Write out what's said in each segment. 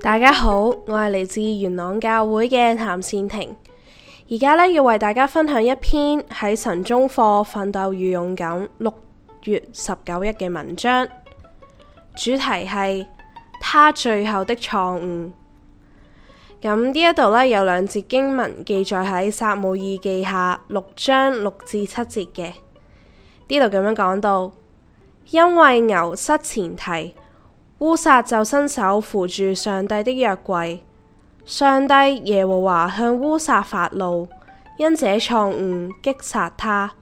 大家好，我係嚟自元朗教會嘅譚善婷，而家呢，要為大家分享一篇喺神中課奮鬥與勇敢六月十九日嘅文章，主題係他最後的錯誤。咁呢一度咧有兩節經文記載喺《撒母耳記下》六章六至七節嘅，呢度咁樣講到，因為牛失前蹄，烏薩就伸手扶住上帝的約櫃，上帝耶和華向烏薩發怒，因這錯誤擊殺他。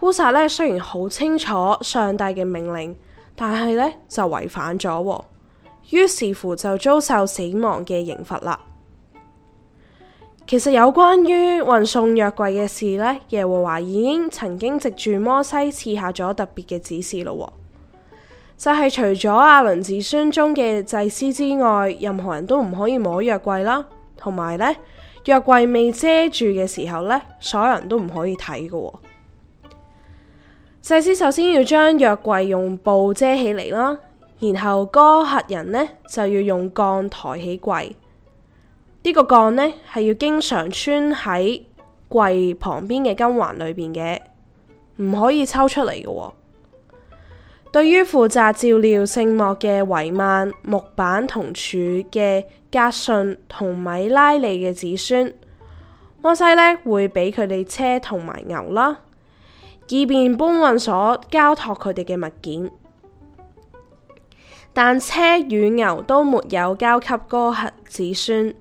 烏薩咧雖然好清楚上帝嘅命令，但係咧就違反咗。於是乎就遭受死亡嘅刑罰啦。其實有關於運送約櫃嘅事呢，耶和華已經曾經藉住摩西賜下咗特別嘅指示咯。就係除咗亞倫子孫中嘅祭司之外，任何人都唔可以摸約櫃啦。同埋呢，約櫃未遮住嘅時候呢，所有人都唔可以睇嘅。祭司首先要將約櫃用布遮起嚟啦。.然後哥客人呢，就要用槓抬起櫃，呢、這個槓呢，係要經常穿喺櫃旁邊嘅金環裏邊嘅，唔可以抽出嚟嘅、哦。對於負責照料聖莫嘅帷幔木板同柱嘅格遜同米拉利嘅子孫，摩西呢會俾佢哋車同埋牛啦，以便搬運所交託佢哋嘅物件。但車與牛都沒有交給哥轄子孫，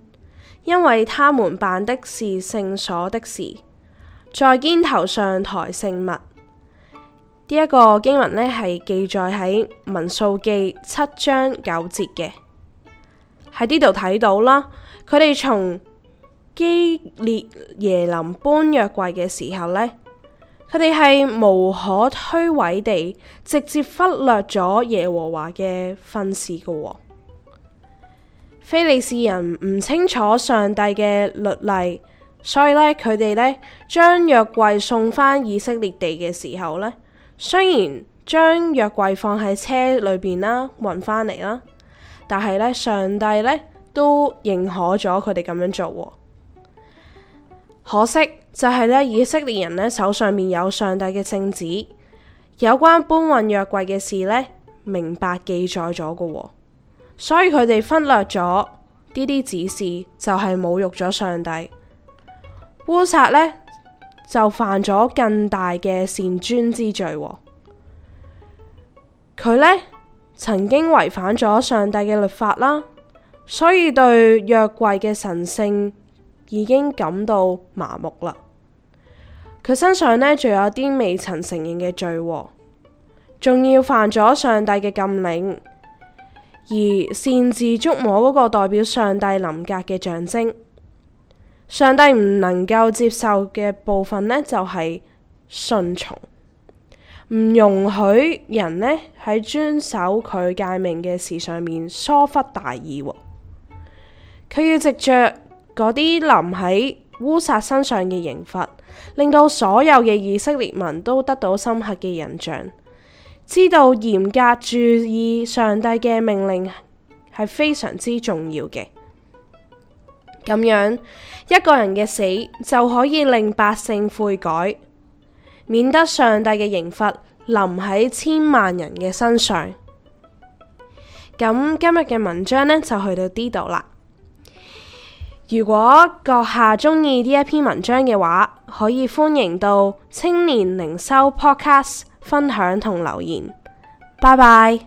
因為他們辦的是聖所的事，在肩頭上抬聖物。呢、這、一個經文咧係記載喺民數記七章九節嘅，喺呢度睇到啦。佢哋從基列耶林搬約櫃嘅時候呢，佢哋係無可推諉地直接忽略咗耶和華嘅訓示嘅，非利士人唔清楚上帝嘅律例，所以咧佢哋咧將約櫃送返以色列地嘅時候咧，雖然將約櫃放喺車裏邊啦，運翻嚟啦，但係咧上帝咧都認可咗佢哋咁樣做喎，可惜。就係咧，以色列人咧手上面有上帝嘅聖旨，有關搬運約櫃嘅事咧，明白記載咗嘅，所以佢哋忽略咗呢啲指示，就係、是、侮辱咗上帝。烏撒咧就犯咗更大嘅擅專之罪，佢咧曾經違反咗上帝嘅律法啦，所以對約櫃嘅神聖。已經感到麻木啦。佢身上呢，仲有啲未曾承認嘅罪，仲要犯咗上帝嘅禁令，而擅自觸摸嗰個代表上帝臨格嘅象徵。上帝唔能夠接受嘅部分呢，就係順從，唔容許人呢，喺遵守佢誡命嘅事上面疏忽大意，哦。佢要直着。嗰啲臨喺烏撒身上嘅刑罰，令到所有嘅以色列民都得到深刻嘅印象，知道嚴格注意上帝嘅命令係非常之重要嘅。咁樣一個人嘅死就可以令百姓悔改，免得上帝嘅刑罰臨喺千萬人嘅身上。咁今日嘅文章呢，就去到呢度啦。如果閣下鍾意呢一篇文章嘅話，可以歡迎到青年靈修 Podcast 分享同留言，拜拜。